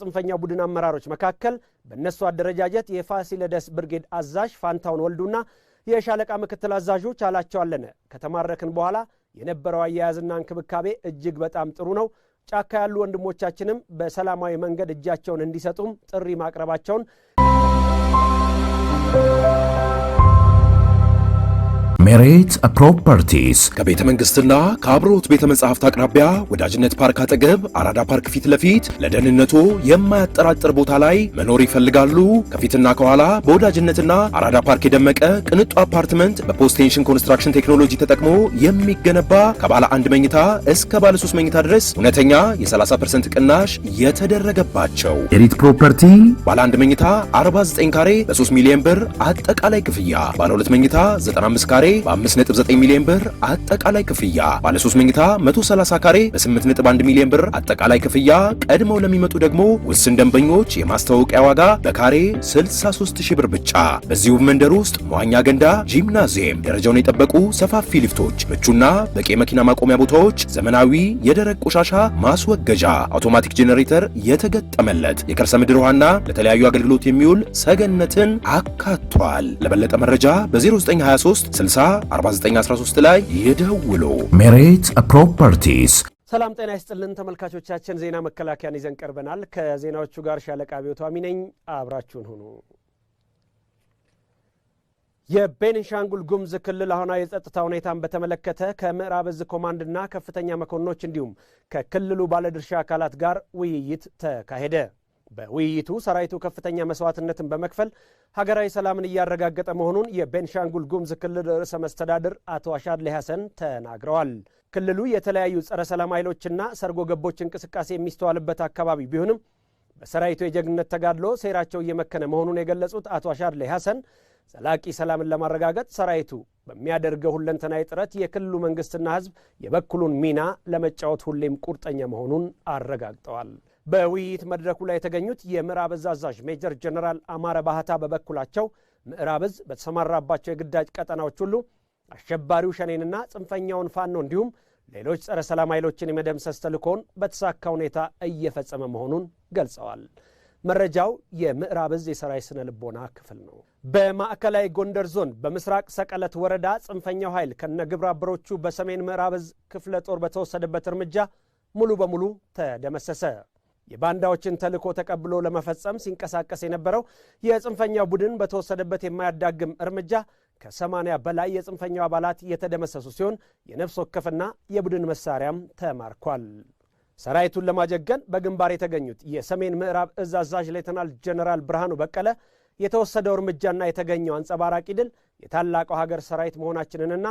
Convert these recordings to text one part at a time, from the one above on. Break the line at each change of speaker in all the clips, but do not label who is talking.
ጽንፈኛ ቡድን አመራሮች መካከል በእነሱ አደረጃጀት የፋሲለደስ ብርጌድ አዛዥ ፋንታውን ወልዱና የሻለቃ ምክትል አዛዡ ቻላቸው አለነ ከተማረክን በኋላ የነበረው አያያዝና እንክብካቤ እጅግ በጣም ጥሩ ነው። ጫካ ያሉ ወንድሞቻችንም በሰላማዊ መንገድ እጃቸውን እንዲሰጡም ጥሪ ማቅረባቸውን
ሜሬት ፕሮፐርቲስ ከቤተ መንግስትና ከአብሮት ቤተ መጽሐፍት አቅራቢያ ወዳጅነት ፓርክ አጠገብ አራዳ ፓርክ ፊት ለፊት ለደህንነቱ የማያጠራጥር ቦታ ላይ መኖር ይፈልጋሉ? ከፊትና ከኋላ በወዳጅነትና አራዳ ፓርክ የደመቀ ቅንጡ አፓርትመንት በፖስቴንሽን ኮንስትራክሽን ቴክኖሎጂ ተጠቅሞ የሚገነባ ከባለ አንድ መኝታ እስከ ባለ ሶስት መኝታ ድረስ እውነተኛ የ30% ቅናሽ የተደረገባቸው ሜሪት ፕሮፐርቲ ባለ አንድ መኝታ 49 ካሬ በ3 ሚሊዮን ብር አጠቃላይ ክፍያ፣ ባለ ሁለት መኝታ 95 ካሬ በ5.9 ሚሊዮን ብር አጠቃላይ ክፍያ፣ ባለ 3 መኝታ 130 ካሬ በ8.1 ሚሊዮን ብር አጠቃላይ ክፍያ፣ ቀድመው ለሚመጡ ደግሞ ውስን ደንበኞች የማስታወቂያ ዋጋ በካሬ 63 ሺህ ብር ብቻ። በዚሁ መንደር ውስጥ መዋኛ ገንዳ፣ ጂምናዚየም፣ ደረጃውን የጠበቁ ሰፋፊ ሊፍቶች፣ ምቹና በቂ መኪና ማቆሚያ ቦታዎች፣ ዘመናዊ የደረቅ ቆሻሻ ማስወገጃ፣ አውቶማቲክ ጄኔሬተር የተገጠመለት የከርሰ ምድር ውሃና ለተለያዩ አገልግሎት የሚውል ሰገነትን አካቷል። ለበለጠ መረጃ በ0923 4913 ላይ ይደውሉ። ሜሬት ፕሮፐርቲስ።
ሰላም ጤና ይስጥልን ተመልካቾቻችን፣ ዜና መከላከያን ይዘን ቀርበናል። ከዜናዎቹ ጋር ሻለቃ ቢዮቷሚ ነኝ፣ አብራችሁን ሁኑ። የቤንሻንጉል ጉምዝ ክልል አሁናዊ የጸጥታ ሁኔታን በተመለከተ ከምዕራብ እዝ ኮማንድና ከፍተኛ መኮንኖች እንዲሁም ከክልሉ ባለድርሻ አካላት ጋር ውይይት ተካሄደ። በውይይቱ ሰራዊቱ ከፍተኛ መስዋዕትነትን በመክፈል ሀገራዊ ሰላምን እያረጋገጠ መሆኑን የቤንሻንጉል ጉምዝ ክልል ርዕሰ መስተዳድር አቶ አሻድሊ ሐሰን ተናግረዋል። ክልሉ የተለያዩ ጸረ ሰላም ኃይሎችና ሰርጎ ገቦች እንቅስቃሴ የሚስተዋልበት አካባቢ ቢሆንም በሰራዊቱ የጀግንነት ተጋድሎ ሴራቸው እየመከነ መሆኑን የገለጹት አቶ አሻድሊ ሐሰን ዘላቂ ሰላምን ለማረጋገጥ ሰራዊቱ በሚያደርገው ሁለንተናዊ ጥረት የክልሉ መንግስትና ሕዝብ የበኩሉን ሚና ለመጫወት ሁሌም ቁርጠኛ መሆኑን አረጋግጠዋል። በውይይት መድረኩ ላይ የተገኙት የምዕራብ እዝ አዛዥ ሜጀር ጀነራል አማረ ባህታ በበኩላቸው ምዕራብ እዝ በተሰማራባቸው የግዳጅ ቀጠናዎች ሁሉ አሸባሪው ሸኔንና ጽንፈኛውን ፋኖ እንዲሁም ሌሎች ጸረ ሰላም ኃይሎችን የመደምሰስ ተልእኮውን በተሳካ ሁኔታ እየፈጸመ መሆኑን ገልጸዋል። መረጃው የምዕራብ እዝ የሰራዊት ስነ ልቦና ክፍል ነው። በማዕከላዊ ጎንደር ዞን በምስራቅ ሰቀለት ወረዳ ጽንፈኛው ኃይል ከነ ግብረ አበሮቹ በሰሜን ምዕራብ እዝ ክፍለ ጦር በተወሰደበት እርምጃ ሙሉ በሙሉ ተደመሰሰ። የባንዳዎችን ተልዕኮ ተቀብሎ ለመፈጸም ሲንቀሳቀስ የነበረው የጽንፈኛው ቡድን በተወሰደበት የማያዳግም እርምጃ ከ ከ80 በላይ የጽንፈኛው አባላት የተደመሰሱ ሲሆን የነፍስ ወከፍና የቡድን መሳሪያም ተማርኳል። ሰራዊቱን ለማጀገን በግንባር የተገኙት የሰሜን ምዕራብ እዝ አዛዥ ሌተናል ጀነራል ብርሃኑ በቀለ የተወሰደው እርምጃና የተገኘው አንጸባራቂ ድል የታላቀው ሀገር ሰራዊት መሆናችንንና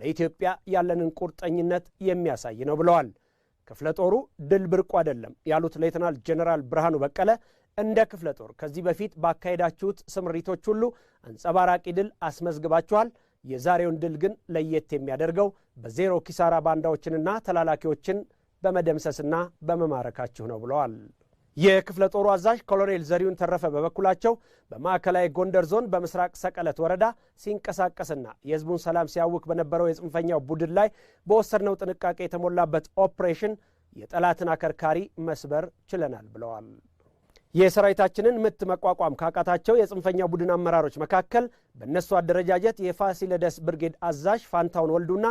ለኢትዮጵያ ያለንን ቁርጠኝነት የሚያሳይ ነው ብለዋል። ክፍለ ጦሩ ድል ብርቁ አይደለም ያሉት ሌተናል ጀነራል ብርሃኑ በቀለ እንደ ክፍለ ጦር ከዚህ በፊት ባካሄዳችሁት ስምሪቶች ሁሉ አንጸባራቂ ድል አስመዝግባችኋል። የዛሬውን ድል ግን ለየት የሚያደርገው በዜሮ ኪሳራ ባንዳዎችንና ተላላኪዎችን በመደምሰስና በመማረካችሁ ነው ብለዋል። የክፍለ ጦሩ አዛዥ ኮሎኔል ዘሪሁን ተረፈ በበኩላቸው በማዕከላዊ ጎንደር ዞን በምስራቅ ሰቀለት ወረዳ ሲንቀሳቀስና የህዝቡን ሰላም ሲያውክ በነበረው የጽንፈኛው ቡድን ላይ በወሰድነው ጥንቃቄ የተሞላበት ኦፕሬሽን የጠላትን አከርካሪ መስበር ችለናል ብለዋል። የሰራዊታችንን ምት መቋቋም ካቃታቸው የጽንፈኛ ቡድን አመራሮች መካከል በእነሱ አደረጃጀት የፋሲለደስ ብርጌድ አዛዥ ፋንታውን ወልዱና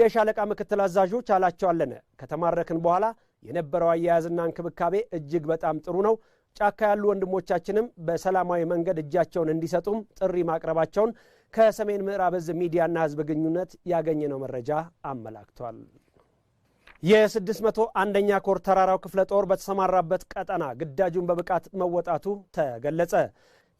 የሻለቃ ምክትል አዛዡ ቻላቸው አለነ ከተማረክን በኋላ የነበረው አያያዝና እንክብካቤ እጅግ በጣም ጥሩ ነው። ጫካ ያሉ ወንድሞቻችንም በሰላማዊ መንገድ እጃቸውን እንዲሰጡም ጥሪ ማቅረባቸውን ከሰሜን ምዕራብ እዝ ሚዲያና ሕዝብ ግንኙነት ያገኘነው መረጃ አመላክቷል። የስድስት መቶ አንደኛ ኮር ተራራው ክፍለ ጦር በተሰማራበት ቀጠና ግዳጁን በብቃት መወጣቱ ተገለጸ።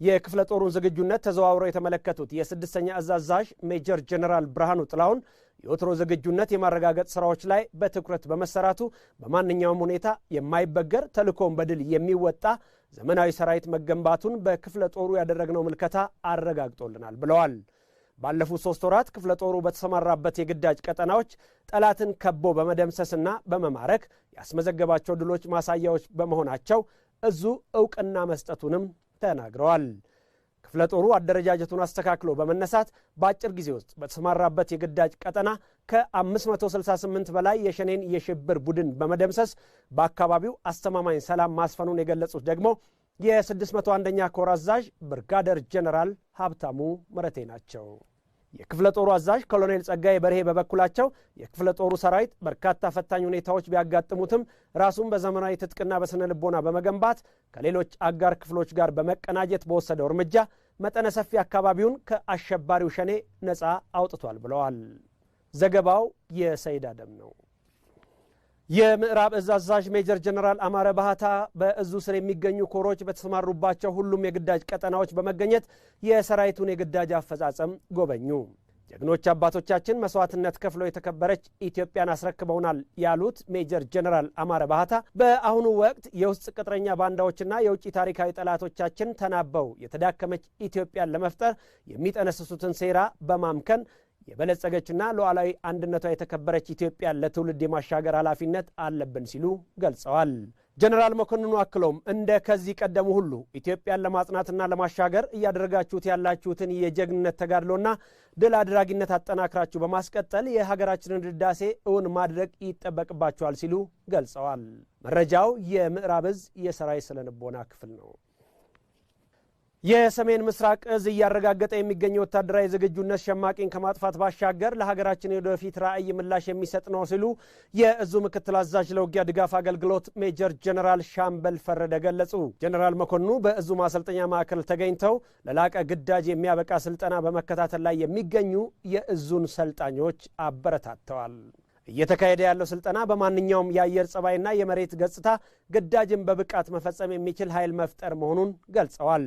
የክፍለ ጦሩን ዝግጁነት ተዘዋውረው የተመለከቱት የስድስተኛ እዝ አዛዥ ሜጀር ጀነራል ብርሃኑ ጥላሁን የወትሮ ዝግጁነት የማረጋገጥ ስራዎች ላይ በትኩረት በመሰራቱ በማንኛውም ሁኔታ የማይበገር ተልእኮውን በድል የሚወጣ ዘመናዊ ሰራዊት መገንባቱን በክፍለ ጦሩ ያደረግነው ምልከታ አረጋግጦልናል ብለዋል። ባለፉት ሶስት ወራት ክፍለ ጦሩ በተሰማራበት የግዳጅ ቀጠናዎች ጠላትን ከቦ በመደምሰስና በመማረክ ያስመዘገባቸው ድሎች ማሳያዎች በመሆናቸው እዙ እውቅና መስጠቱንም ተናግረዋል። ክፍለ ጦሩ አደረጃጀቱን አስተካክሎ በመነሳት በአጭር ጊዜ ውስጥ በተሰማራበት የግዳጅ ቀጠና ከ568 በላይ የሸኔን የሽብር ቡድን በመደምሰስ በአካባቢው አስተማማኝ ሰላም ማስፈኑን የገለጹት ደግሞ የ601ኛ ኮር አዛዥ ብርጋደር ጀነራል ሀብታሙ ምረቴ ናቸው። የክፍለ ጦሩ አዛዥ ኮሎኔል ጸጋዬ በርሄ በበኩላቸው የክፍለ ጦሩ ሰራዊት በርካታ ፈታኝ ሁኔታዎች ቢያጋጥሙትም ራሱን በዘመናዊ ትጥቅና በስነ ልቦና በመገንባት ከሌሎች አጋር ክፍሎች ጋር በመቀናጀት በወሰደው እርምጃ መጠነ ሰፊ አካባቢውን ከአሸባሪው ሸኔ ነፃ አውጥቷል ብለዋል። ዘገባው የሰይድ አደም ነው። የምዕራብ እዝ አዛዥ ሜጀር ጀነራል አማረ ባህታ በእዙ ስር የሚገኙ ኮሮች በተሰማሩባቸው ሁሉም የግዳጅ ቀጠናዎች በመገኘት የሰራዊቱን የግዳጅ አፈጻጸም ጎበኙ። ጀግኖች አባቶቻችን መስዋዕትነት ከፍለው የተከበረች ኢትዮጵያን አስረክበውናል ያሉት ሜጀር ጀነራል አማረ ባህታ በአሁኑ ወቅት የውስጥ ቅጥረኛ ባንዳዎችና የውጭ ታሪካዊ ጠላቶቻችን ተናበው የተዳከመች ኢትዮጵያን ለመፍጠር የሚጠነስሱትን ሴራ በማምከን የበለጸገችና ሉዓላዊ አንድነቷ የተከበረች ኢትዮጵያን ለትውልድ የማሻገር ኃላፊነት አለብን ሲሉ ገልጸዋል። ጀነራል መኮንኑ አክለውም እንደ ከዚህ ቀደሙ ሁሉ ኢትዮጵያን ለማጽናትና ለማሻገር እያደረጋችሁት ያላችሁትን የጀግንነት ተጋድሎና ድል አድራጊነት አጠናክራችሁ በማስቀጠል የሀገራችንን ህዳሴ እውን ማድረግ ይጠበቅባችኋል ሲሉ ገልጸዋል። መረጃው የምዕራብ እዝ የሰራዊት ስነ ልቦና ክፍል ነው። የሰሜን ምስራቅ እዝ እያረጋገጠ የሚገኘ ወታደራዊ ዝግጁነት ሸማቂን ከማጥፋት ባሻገር ለሀገራችን የወደፊት ራዕይ ምላሽ የሚሰጥ ነው ሲሉ የእዙ ምክትል አዛዥ ለውጊያ ድጋፍ አገልግሎት ሜጀር ጀነራል ሻምበል ፈረደ ገለጹ። ጀነራል መኮንኑ በእዙ ማሰልጠኛ ማዕከል ተገኝተው ለላቀ ግዳጅ የሚያበቃ ስልጠና በመከታተል ላይ የሚገኙ የእዙን ሰልጣኞች አበረታተዋል። እየተካሄደ ያለው ስልጠና በማንኛውም የአየር ጸባይና የመሬት ገጽታ ግዳጅን በብቃት መፈጸም የሚችል ኃይል መፍጠር መሆኑን ገልጸዋል።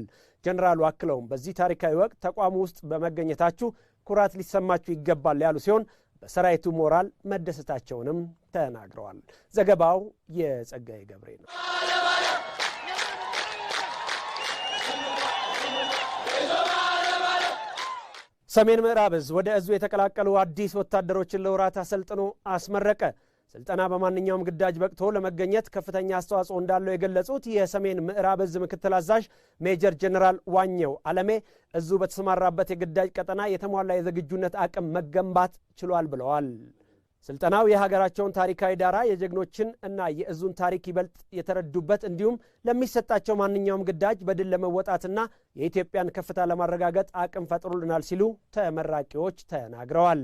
ጀኔራሉ አክለውም በዚህ ታሪካዊ ወቅት ተቋሙ ውስጥ በመገኘታችሁ ኩራት ሊሰማችሁ ይገባል ያሉ ሲሆን በሰራዊቱ ሞራል መደሰታቸውንም ተናግረዋል። ዘገባው የጸጋዬ ገብሬ ነው። ሰሜን ምዕራብ እዝ ወደ እዙ የተቀላቀሉ አዲስ ወታደሮችን ለውራት አሰልጥኖ አስመረቀ። ስልጠና በማንኛውም ግዳጅ በቅቶ ለመገኘት ከፍተኛ አስተዋጽኦ እንዳለው የገለጹት የሰሜን ምዕራብ እዝ ምክትል አዛዥ ሜጀር ጀኔራል ዋኘው አለሜ እዙ በተሰማራበት የግዳጅ ቀጠና የተሟላ የዝግጁነት አቅም መገንባት ችሏል ብለዋል። ስልጠናው የሀገራቸውን ታሪካዊ ዳራ የጀግኖችን እና የእዙን ታሪክ ይበልጥ የተረዱበት እንዲሁም ለሚሰጣቸው ማንኛውም ግዳጅ በድል ለመወጣትና የኢትዮጵያን ከፍታ ለማረጋገጥ አቅም ፈጥሮልናል ሲሉ ተመራቂዎች ተናግረዋል።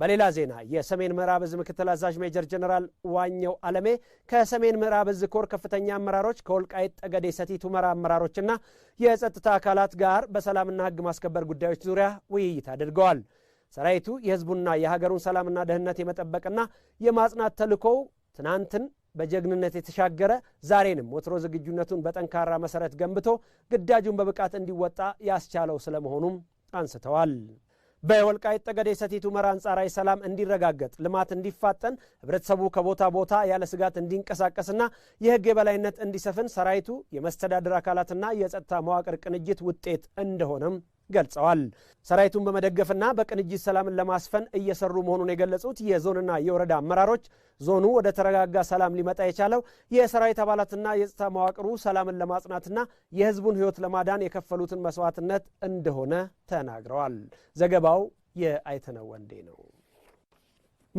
በሌላ ዜና የሰሜን ምዕራብ እዝ ምክትል አዛዥ ሜጀር ጀነራል ዋኘው አለሜ ከሰሜን ምዕራብ እዝ ኮር ከፍተኛ አመራሮች ከወልቃይት ጠገዴ ሰቲት ሁመራ አመራሮችና የጸጥታ አካላት ጋር በሰላምና ሕግ ማስከበር ጉዳዮች ዙሪያ ውይይት አድርገዋል። ሰራዊቱ የህዝቡና የሀገሩን ሰላምና ደህንነት የመጠበቅና የማጽናት ተልእኮው ትናንትን በጀግንነት የተሻገረ ዛሬንም ወትሮ ዝግጁነቱን በጠንካራ መሰረት ገንብቶ ግዳጁን በብቃት እንዲወጣ ያስቻለው ስለመሆኑም አንስተዋል። በወልቃይት ጠገዴ ሰቲት ሁመራ አንጻራዊ ሰላም እንዲረጋገጥ ልማት እንዲፋጠን ህብረተሰቡ ከቦታ ቦታ ያለ ስጋት እንዲንቀሳቀስና የህግ የበላይነት እንዲሰፍን ሰራዊቱ የመስተዳድር አካላትና የጸጥታ መዋቅር ቅንጅት ውጤት እንደሆነም ገልጸዋል። ሰራዊቱን በመደገፍና በቅንጅት ሰላምን ለማስፈን እየሰሩ መሆኑን የገለጹት የዞንና የወረዳ አመራሮች ዞኑ ወደ ተረጋጋ ሰላም ሊመጣ የቻለው የሰራዊት አባላትና የጸጥታ መዋቅሩ ሰላምን ለማጽናትና የህዝቡን ህይወት ለማዳን የከፈሉትን መስዋዕትነት እንደሆነ ተናግረዋል። ዘገባው የአይተነው ወንዴ ነው።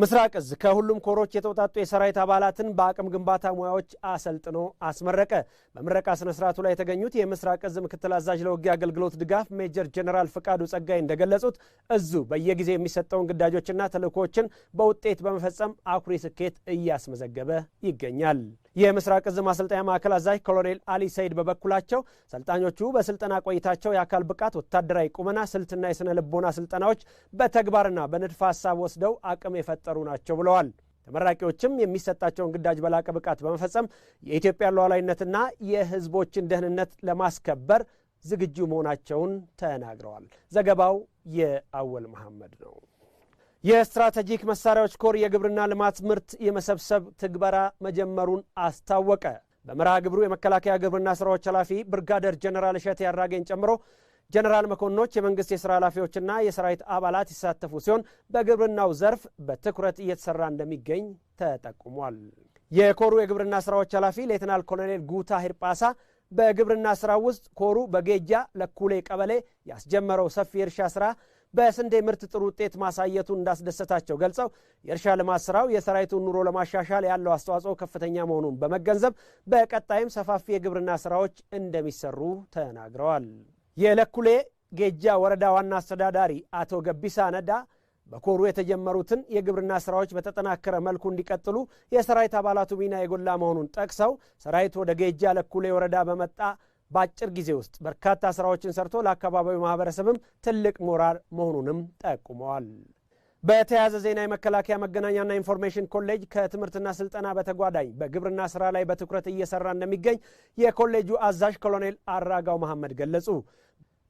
ምስራቅ እዝ ከሁሉም ኮሮች የተውጣጡ የሰራዊት አባላትን በአቅም ግንባታ ሙያዎች አሰልጥኖ አስመረቀ። በምረቃ ስነ ስርዓቱ ላይ የተገኙት የምስራቅ እዝ ምክትል አዛዥ ለውጊያ አገልግሎት ድጋፍ ሜጀር ጀነራል ፍቃዱ ጸጋይ እንደገለጹት እዙ በየጊዜ የሚሰጠውን ግዳጆችና ተልእኮዎችን በውጤት በመፈጸም አኩሪ ስኬት እያስመዘገበ ይገኛል። የምስራቅ እዝ ማሰልጠኛ ማዕከል አዛዥ ኮሎኔል አሊ ሰይድ በበኩላቸው ሰልጣኞቹ በስልጠና ቆይታቸው የአካል ብቃት፣ ወታደራዊ ቁመና፣ ስልትና የሥነ ልቦና ስልጠናዎች በተግባርና በንድፈ ሀሳብ ወስደው አቅም የፈጠሩ ናቸው ብለዋል። ተመራቂዎችም የሚሰጣቸውን ግዳጅ በላቀ ብቃት በመፈጸም የኢትዮጵያን ሉዓላዊነትና የሕዝቦችን ደህንነት ለማስከበር ዝግጁ መሆናቸውን ተናግረዋል። ዘገባው የአወል መሐመድ ነው። የስትራቴጂክ መሳሪያዎች ኮር የግብርና ልማት ምርት የመሰብሰብ ትግበራ መጀመሩን አስታወቀ። በመርሃ ግብሩ የመከላከያ ግብርና ስራዎች ኃላፊ ብርጋደር ጀነራል እሸቴ አራጌን ጨምሮ ጀነራል መኮንኖች፣ የመንግስት የስራ ኃላፊዎችና የሰራዊት አባላት ይሳተፉ ሲሆን በግብርናው ዘርፍ በትኩረት እየተሰራ እንደሚገኝ ተጠቁሟል። የኮሩ የግብርና ስራዎች ኃላፊ ሌትናል ኮሎኔል ጉታ ሂርጳሳ በግብርና ስራ ውስጥ ኮሩ በጌጃ ለኩሌ ቀበሌ ያስጀመረው ሰፊ የእርሻ ስራ በስንዴ ምርት ጥሩ ውጤት ማሳየቱን እንዳስደሰታቸው ገልጸው የእርሻ ልማት ስራው የሰራዊቱን ኑሮ ለማሻሻል ያለው አስተዋጽኦ ከፍተኛ መሆኑን በመገንዘብ በቀጣይም ሰፋፊ የግብርና ስራዎች እንደሚሰሩ ተናግረዋል። የለኩሌ ጌጃ ወረዳ ዋና አስተዳዳሪ አቶ ገቢሳ ነዳ በኮሩ የተጀመሩትን የግብርና ስራዎች በተጠናከረ መልኩ እንዲቀጥሉ የሰራዊት አባላቱ ሚና የጎላ መሆኑን ጠቅሰው ሰራዊት ወደ ጌጃ ለኩሌ ወረዳ በመጣ በአጭር ጊዜ ውስጥ በርካታ ስራዎችን ሰርቶ ለአካባቢው ማህበረሰብም ትልቅ ሞራል መሆኑንም ጠቁመዋል። በተያያዘ ዜና የመከላከያ መገናኛና ኢንፎርሜሽን ኮሌጅ ከትምህርትና ስልጠና በተጓዳኝ በግብርና ስራ ላይ በትኩረት እየሰራ እንደሚገኝ የኮሌጁ አዛዥ ኮሎኔል አራጋው መሐመድ ገለጹ።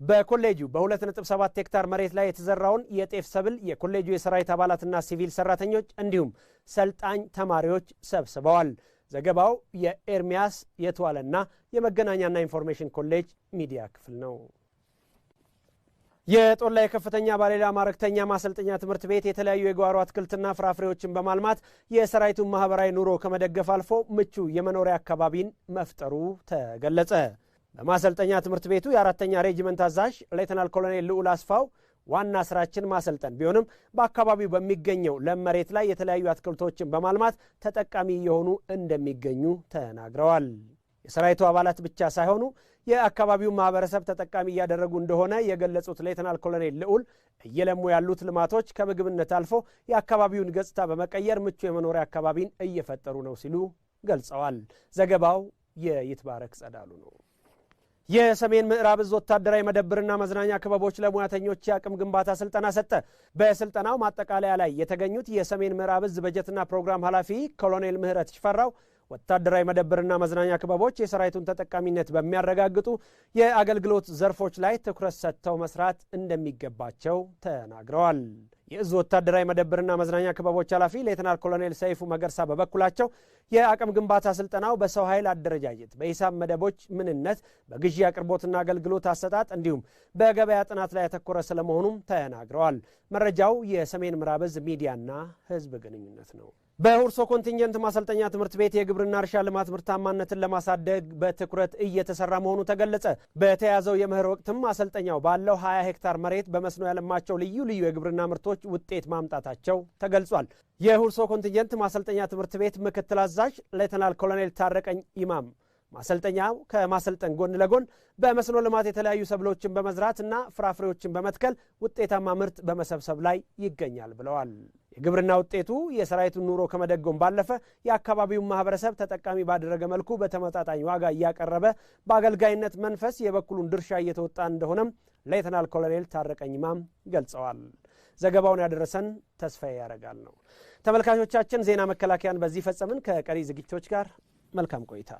በኮሌጁ በ2.7 ሄክታር መሬት ላይ የተዘራውን የጤፍ ሰብል የኮሌጁ የሰራዊት አባላትና ሲቪል ሰራተኞች እንዲሁም ሰልጣኝ ተማሪዎች ሰብስበዋል። ዘገባው የኤርሚያስ የተዋለና የመገናኛና ኢንፎርሜሽን ኮሌጅ ሚዲያ ክፍል ነው። የጦር ላይ ከፍተኛ ባሌላ ማረግተኛ ማሰልጠኛ ትምህርት ቤት የተለያዩ የጓሮ አትክልትና ፍራፍሬዎችን በማልማት የሰራዊቱን ማህበራዊ ኑሮ ከመደገፍ አልፎ ምቹ የመኖሪያ አካባቢን መፍጠሩ ተገለጸ። በማሰልጠኛ ትምህርት ቤቱ የአራተኛ ሬጅመንት አዛዥ ሌተናል ኮሎኔል ልዑል አስፋው ዋና ስራችን ማሰልጠን ቢሆንም በአካባቢው በሚገኘው ለም መሬት ላይ የተለያዩ አትክልቶችን በማልማት ተጠቃሚ እየሆኑ እንደሚገኙ ተናግረዋል። የሰራዊቱ አባላት ብቻ ሳይሆኑ የአካባቢው ማህበረሰብ ተጠቃሚ እያደረጉ እንደሆነ የገለጹት ሌተናል ኮሎኔል ልዑል እየለሙ ያሉት ልማቶች ከምግብነት አልፎ የአካባቢውን ገጽታ በመቀየር ምቹ የመኖሪያ አካባቢን እየፈጠሩ ነው ሲሉ ገልጸዋል። ዘገባው የይትባረክ ጸዳሉ ነው። የሰሜን ምዕራብ እዝ ወታደራዊ መደብርና መዝናኛ ክበቦች ለሙያተኞች የአቅም ግንባታ ስልጠና ሰጠ። በስልጠናው ማጠቃለያ ላይ የተገኙት የሰሜን ምዕራብ እዝ በጀትና ፕሮግራም ኃላፊ ኮሎኔል ምህረት ሽፈራው ወታደራዊ መደብርና መዝናኛ ክበቦች የሰራዊቱን ተጠቃሚነት በሚያረጋግጡ የአገልግሎት ዘርፎች ላይ ትኩረት ሰጥተው መስራት እንደሚገባቸው ተናግረዋል። የእዙ ወታደራዊ መደብርና መዝናኛ ክበቦች ኃላፊ ሌተናል ኮሎኔል ሰይፉ መገርሳ በበኩላቸው የአቅም ግንባታ ስልጠናው በሰው ኃይል አደረጃጀት፣ በሂሳብ መደቦች ምንነት፣ በግዢ አቅርቦትና አገልግሎት አሰጣጥ እንዲሁም በገበያ ጥናት ላይ ያተኮረ ስለመሆኑም ተናግረዋል። መረጃው የሰሜን ምዕራብ ሚዲያና ሕዝብ ግንኙነት ነው። በሁርሶ ኮንቲንጀንት ማሰልጠኛ ትምህርት ቤት የግብርና እርሻ ልማት ምርታማነትን ለማሳደግ በትኩረት እየተሰራ መሆኑ ተገለጸ። በተያዘው የመኸር ወቅትም ማሰልጠኛው ባለው 20 ሄክታር መሬት በመስኖ ያለማቸው ልዩ ልዩ የግብርና ምርቶች ውጤት ማምጣታቸው ተገልጿል። የሁርሶ ኮንቲንጀንት ማሰልጠኛ ትምህርት ቤት ምክትል አዛዥ ሌተናል ኮሎኔል ታረቀኝ ኢማም ማሰልጠኛው ከማሰልጠን ጎን ለጎን በመስኖ ልማት የተለያዩ ሰብሎችን በመዝራት እና ፍራፍሬዎችን በመትከል ውጤታማ ምርት በመሰብሰብ ላይ ይገኛል ብለዋል። የግብርና ውጤቱ የሰራዊቱን ኑሮ ከመደጎም ባለፈ የአካባቢውን ማህበረሰብ ተጠቃሚ ባደረገ መልኩ በተመጣጣኝ ዋጋ እያቀረበ በአገልጋይነት መንፈስ የበኩሉን ድርሻ እየተወጣ እንደሆነም ሌተናል ኮሎኔል ታረቀኝ ማም ገልጸዋል። ዘገባውን ያደረሰን ተስፋዬ ያደርጋል ነው። ተመልካቾቻችን ዜና መከላከያን በዚህ ፈጸምን። ከቀሪ ዝግጅቶች ጋር መልካም ቆይታ